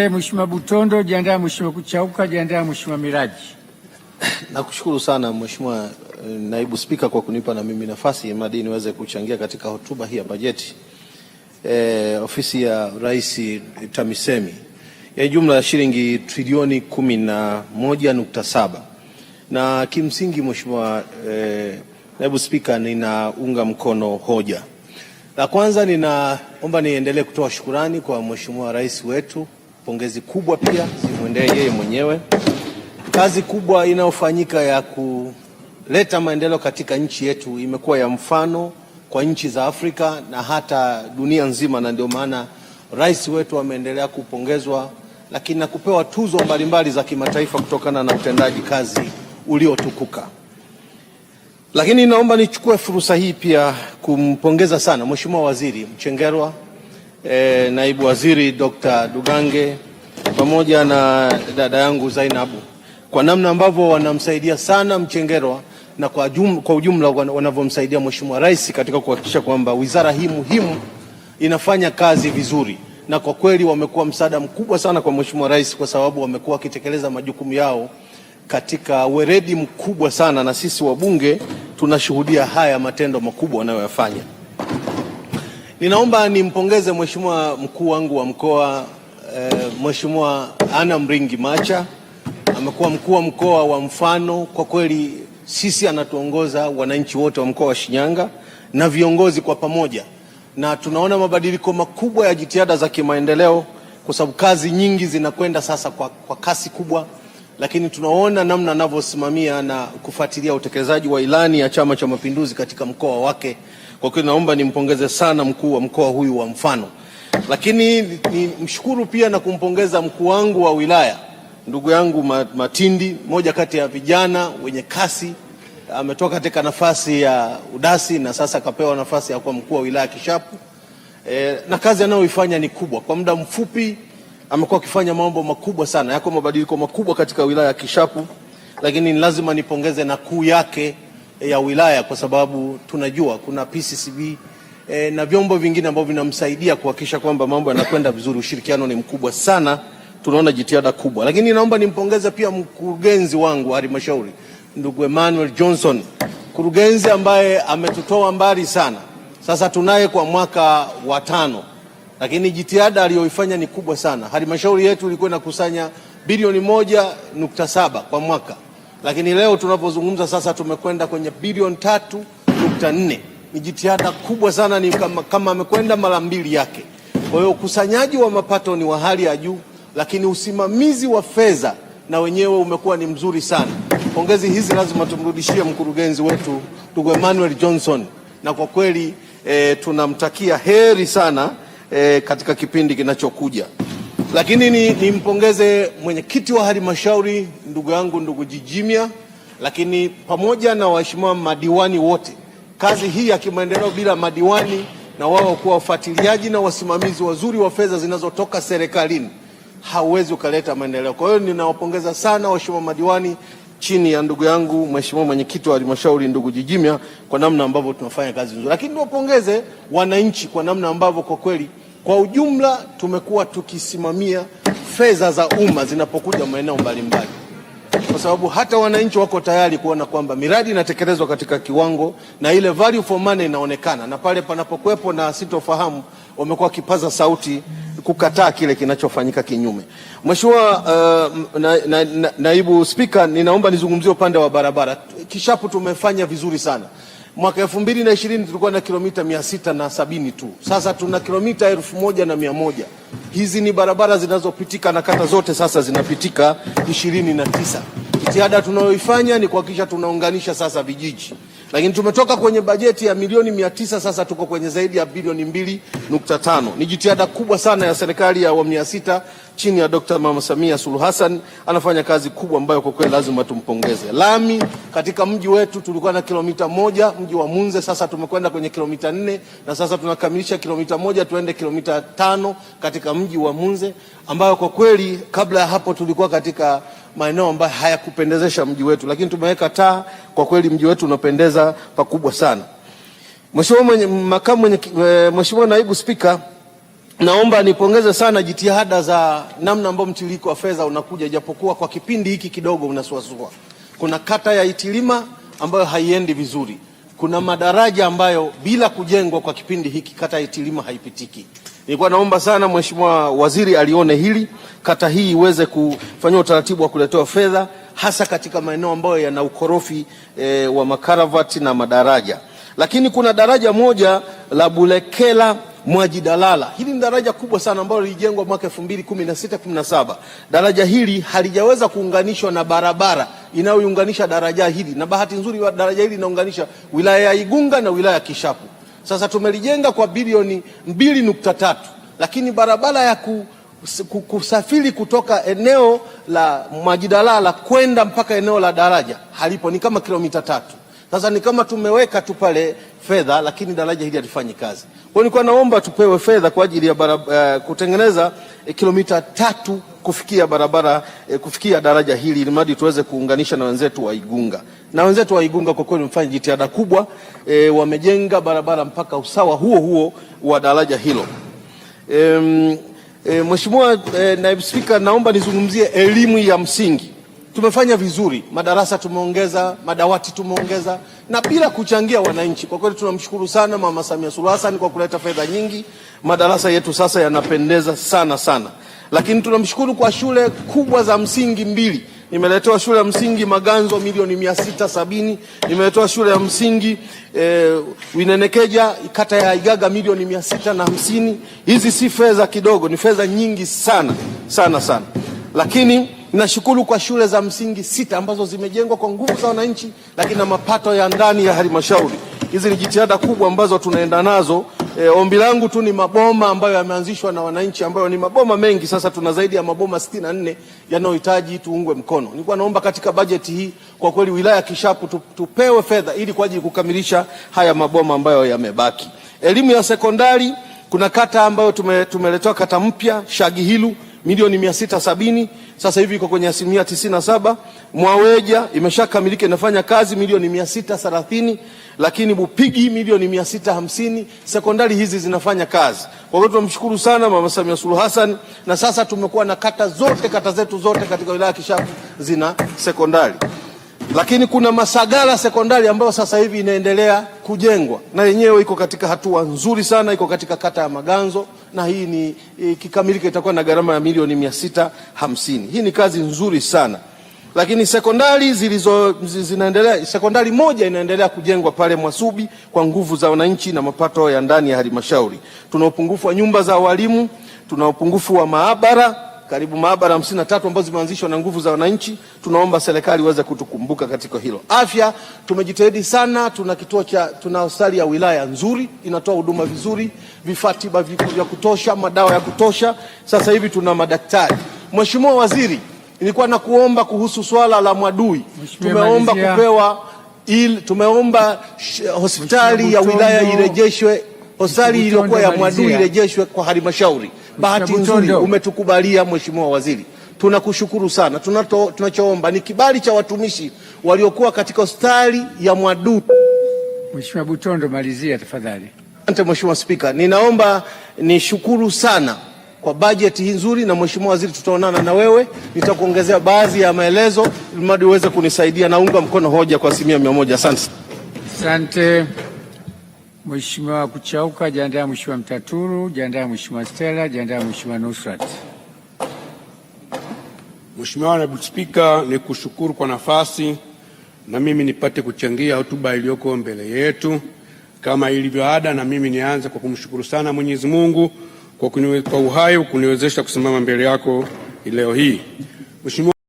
Jiandae Mheshimiwa Butondo, jiandae Mheshimiwa Kuchauka, jiandae Mheshimiwa Miraji. Nakushukuru sana Mheshimiwa eh, Naibu Spika kwa kunipa na mimi nafasi madini niweze kuchangia katika hotuba hii ya bajeti. E, ofisi ya Rais TAMISEMI ya jumla ya shilingi trilioni 11.7 na kimsingi Mheshimiwa e, Naibu Spika, ninaunga mkono hoja. La kwanza, ninaomba niendelee kutoa shukurani kwa Mheshimiwa Rais wetu Pongezi kubwa pia zimwendee yeye mwenyewe. Kazi kubwa inayofanyika ya kuleta maendeleo katika nchi yetu imekuwa ya mfano kwa nchi za Afrika na hata dunia nzima, na ndio maana rais wetu ameendelea kupongezwa, lakini na kupewa tuzo mbalimbali za kimataifa kutokana na utendaji kazi uliotukuka. Lakini naomba nichukue fursa hii pia kumpongeza sana Mheshimiwa Waziri Mchengerwa eh, naibu waziri Dr. Dugange pamoja na dada yangu Zainabu kwa namna ambavyo wanamsaidia sana Mchengerwa na kwa, jum, kwa ujumla wanavyomsaidia Mheshimiwa Rais katika kuhakikisha kwamba wizara hii muhimu inafanya kazi vizuri, na kwa kweli wamekuwa msaada mkubwa sana kwa Mheshimiwa Rais kwa sababu wamekuwa wakitekeleza majukumu yao katika weredi mkubwa sana, na sisi wabunge tunashuhudia haya matendo makubwa wanayoyafanya. Ninaomba nimpongeze mheshimiwa mkuu wangu wa mkoa e, Mheshimiwa Anna Mringi Macha amekuwa mkuu wa mkoa wa mfano kwa kweli. Sisi anatuongoza wananchi wote wa mkoa wa Shinyanga na viongozi kwa pamoja, na tunaona mabadiliko makubwa ya jitihada za kimaendeleo, kwa sababu kazi nyingi zinakwenda sasa kwa, kwa kasi kubwa lakini tunaona namna anavyosimamia na kufuatilia utekelezaji wa ilani ya Chama cha Mapinduzi katika mkoa wake. Kwa kweli naomba nimpongeze sana mkuu wa mkoa huyu wa Mfano, lakini nimshukuru pia na kumpongeza mkuu wangu wa wilaya ndugu yangu Matindi, moja kati ya vijana wenye kasi. Ametoka katika nafasi ya udasi na sasa akapewa nafasi ya kuwa mkuu wa wilaya Kishapu. E, na kazi anayoifanya ni kubwa. Kwa muda mfupi amekuwa akifanya mambo makubwa sana, yako mabadiliko makubwa katika wilaya ya Kishapu, lakini lazima nipongeze na kuu yake eh, ya wilaya kwa sababu tunajua kuna PCCB e, eh, na vyombo vingine ambavyo vinamsaidia kuhakikisha kwamba mambo yanakwenda vizuri. Ushirikiano ni mkubwa sana, tunaona jitihada kubwa, lakini naomba nimpongeze pia mkurugenzi wangu wa halmashauri ndugu Emmanuel Johnson, mkurugenzi ambaye ametutoa mbali sana. Sasa tunaye kwa mwaka wa tano lakini jitihada aliyoifanya ni kubwa sana. Halmashauri yetu ilikuwa inakusanya bilioni moja nukta saba kwa mwaka, lakini leo tunapozungumza sasa tumekwenda kwenye bilioni tatu nukta nne. Ni jitihada kubwa sana, ni kama amekwenda mara mbili yake. Kwa hiyo ukusanyaji wa mapato ni wa hali ya juu, lakini usimamizi wa fedha na wenyewe umekuwa ni mzuri sana. Pongezi hizi lazima tumrudishie mkurugenzi wetu ndugu Emmanuel Johnson, na kwa kweli eh, tunamtakia heri sana e, katika kipindi kinachokuja. Lakini ni nimpongeze mwenyekiti wa halmashauri ndugu yangu ndugu Jijimia, lakini pamoja na waheshimiwa madiwani wote. Kazi hii ya kimaendeleo bila madiwani na wao kuwa wafuatiliaji na wasimamizi wazuri wa fedha zinazotoka serikalini hauwezi ukaleta maendeleo. Kwa hiyo ninawapongeza sana waheshimiwa madiwani chini ya ndugu yangu mheshimiwa mwenyekiti wa halmashauri ndugu Jijimia kwa namna ambavyo tunafanya kazi nzuri, lakini niwapongeze wananchi kwa namna ambavyo kwa kweli kwa ujumla tumekuwa tukisimamia fedha za umma zinapokuja maeneo mbalimbali, kwa sababu hata wananchi wako tayari kuona kwamba miradi inatekelezwa katika kiwango na ile value for money inaonekana, na pale panapokuwepo na sitofahamu, wamekuwa wakipaza sauti kukataa kile kinachofanyika kinyume. Mheshimiwa uh, na, na, na, naibu Spika, ninaomba nizungumzie upande wa barabara. Kishapu tumefanya vizuri sana. Mwaka elfu mbili na ishirini tulikuwa na kilomita mia sita na sabini tu, sasa tuna kilomita elfu moja na mia moja. Hizi ni barabara zinazopitika na kata zote sasa zinapitika ishirini na tisa. Jitihada tunayoifanya ni kuhakikisha tunaunganisha sasa vijiji, lakini tumetoka kwenye bajeti ya milioni mia tisa sasa tuko kwenye zaidi ya bilioni mbili nukta tano. Ni jitihada kubwa sana ya serikali ya awamu ya sita chini ya Dkt. Mama Samia Suluhu Hassan, anafanya kazi kubwa ambayo kwa kweli lazima tumpongeze. Lami katika mji wetu tulikuwa na kilomita moja, mji wa Munze sasa tumekwenda kwenye kilomita nne na sasa tunakamilisha kilomita moja tuende kilomita tano katika mji wa Munze ambayo kwa kweli kabla ya hapo tulikuwa katika maeneo ambayo hayakupendezesha mji wetu, lakini tumeweka taa. Kwa kweli mji wetu unapendeza pakubwa sana. Mheshimiwa eh, Naibu Spika, naomba nipongeze sana jitihada za namna ambayo mtiririko wa fedha unakuja, japokuwa kwa kipindi hiki kidogo unasuasua. Kuna kata ya Itilima ambayo haiendi vizuri, kuna madaraja ambayo bila kujengwa kwa kipindi hiki kata ya Itilima haipitiki. Nilikuwa naomba sana Mheshimiwa Waziri alione hili, kata hii iweze kufanya utaratibu wa kuletewa fedha hasa katika maeneo ambayo yana ukorofi e, wa makaravati na madaraja. Lakini kuna daraja moja la Bulekela Mwajidalala. Hili ni daraja kubwa sana ambalo lilijengwa mwaka 2016 17. Daraja hili halijaweza kuunganishwa na barabara inayounganisha daraja hili, na bahati nzuri daraja hili linaunganisha wilaya ya Igunga na wilaya ya Kishapu. Sasa tumelijenga kwa bilioni mbili nukta tatu, lakini barabara ya ku, kusafiri kutoka eneo la Mwajidalala kwenda mpaka eneo la daraja halipo, ni kama kilomita tatu. Sasa ni kama tumeweka tu pale fedha, lakini daraja hili halifanyi kazi. Kwa nilikuwa naomba tupewe fedha kwa ajili ya barabara, uh, eh, kutengeneza uh, kilomita tatu kufikia barabara uh, kufikia daraja hili ili mradi tuweze kuunganisha na wenzetu wa Igunga. Na wenzetu wa Igunga kwa kweli wamefanya jitihada kubwa, uh, wamejenga barabara mpaka usawa huo huo wa daraja hilo. Um, E, Mheshimiwa e, Naibu Spika, naomba nizungumzie elimu ya msingi tumefanya vizuri, madarasa tumeongeza, madawati tumeongeza, na bila kuchangia wananchi. Kwa kweli tunamshukuru sana Mama Samia Suluhu Hassan kwa kuleta fedha nyingi, madarasa yetu sasa yanapendeza sana sana. Lakini tunamshukuru kwa shule kubwa za msingi mbili nimeletewa shule ya msingi Maganzo milioni mia sita sabini nimeletewa shule ya msingi e, eh, Winenekeja kata ya Igaga milioni mia sita na hamsini Hizi si fedha kidogo, ni fedha nyingi sana sana sana, lakini Ninashukuru kwa shule za msingi sita ambazo zimejengwa kwa nguvu za wananchi, lakini na mapato ya ndani ya halmashauri. Hizi ni jitihada kubwa ambazo tunaenda nazo. E, ombi langu tu ni maboma ambayo yameanzishwa na wananchi ambayo ni maboma mengi. Sasa tuna zaidi ya maboma 64 yanayohitaji tuungwe mkono. Nilikuwa naomba katika bajeti hii kwa kweli wilaya Kishapu tupewe fedha ili kwa ajili kukamilisha haya maboma ambayo yamebaki. Elimu ya sekondari kuna kata ambayo tume, tumeletewa kata mpya Shagihilu milioni mia sita sabini sasa hivi iko kwenye asilimia tisini na saba. Mwaweja imeshakamilika inafanya kazi milioni mia sita thelathini, lakini Bupigi milioni mia sita hamsini. Sekondari hizi zinafanya kazi. Kwa hiyo tunamshukuru sana Mama Samia Suluhu Hassan, na sasa tumekuwa na kata zote kata zetu zote katika wilaya ya Kishapu zina sekondari. Lakini kuna Masagala sekondari ambayo sasa hivi inaendelea kujengwa na yenyewe iko katika hatua nzuri sana, iko katika kata ya Maganzo na hii ni ikikamilika e, itakuwa na gharama ya milioni mia sita hamsini. Hii ni kazi nzuri sana lakini sekondari zilizo zinaendelea, sekondari moja inaendelea kujengwa pale Mwasubi kwa nguvu za wananchi na mapato ya ndani ya halmashauri. Tuna upungufu wa nyumba za walimu, tuna upungufu wa maabara karibu maabara hamsini na tatu ambazo zimeanzishwa na nguvu za wananchi. Tunaomba serikali iweze kutukumbuka katika hilo. Afya tumejitahidi sana, tuna kituo cha, tuna hospitali ya wilaya nzuri, inatoa huduma vizuri, vifaa tiba vya kutosha, madawa ya kutosha. Sasa hivi tuna madaktari. Mheshimiwa Waziri, nilikuwa nakuomba kuhusu swala la Mwadui, tumeomba kupewa il, tumeomba hospitali ya wilaya irejeshwe, hospitali iliyokuwa ya Mwadui irejeshwe kwa halmashauri bahati nzuri umetukubalia Mheshimiwa Waziri, tunakushukuru sana. Tunato, tunachoomba ni kibali cha watumishi waliokuwa katika hospitali ya Mwadui. Mheshimiwa Butondo, malizia tafadhali. Asante Mheshimiwa Spika, ninaomba nishukuru sana kwa bajeti hii nzuri, na Mheshimiwa Waziri, tutaonana na wewe, nitakuongezea baadhi ya maelezo ili mradi uweze kunisaidia. Naunga mkono hoja kwa asilimia mia moja. Asante. Asante. Mheshimiwa Kuchauka, jiandae Mheshimiwa Mtaturu, jiandae Mheshimiwa Stella, jiandae Mheshimiwa Nusrat. Mheshimiwa Naibu Spika, ni kushukuru kwa nafasi na mimi nipate kuchangia hotuba iliyoko mbele yetu. Kama ilivyo ada, na mimi nianze kwa kumshukuru sana Mwenyezi Mungu kwa, kwa uhai kuniwezesha kusimama mbele yako leo hii Mheshimiwa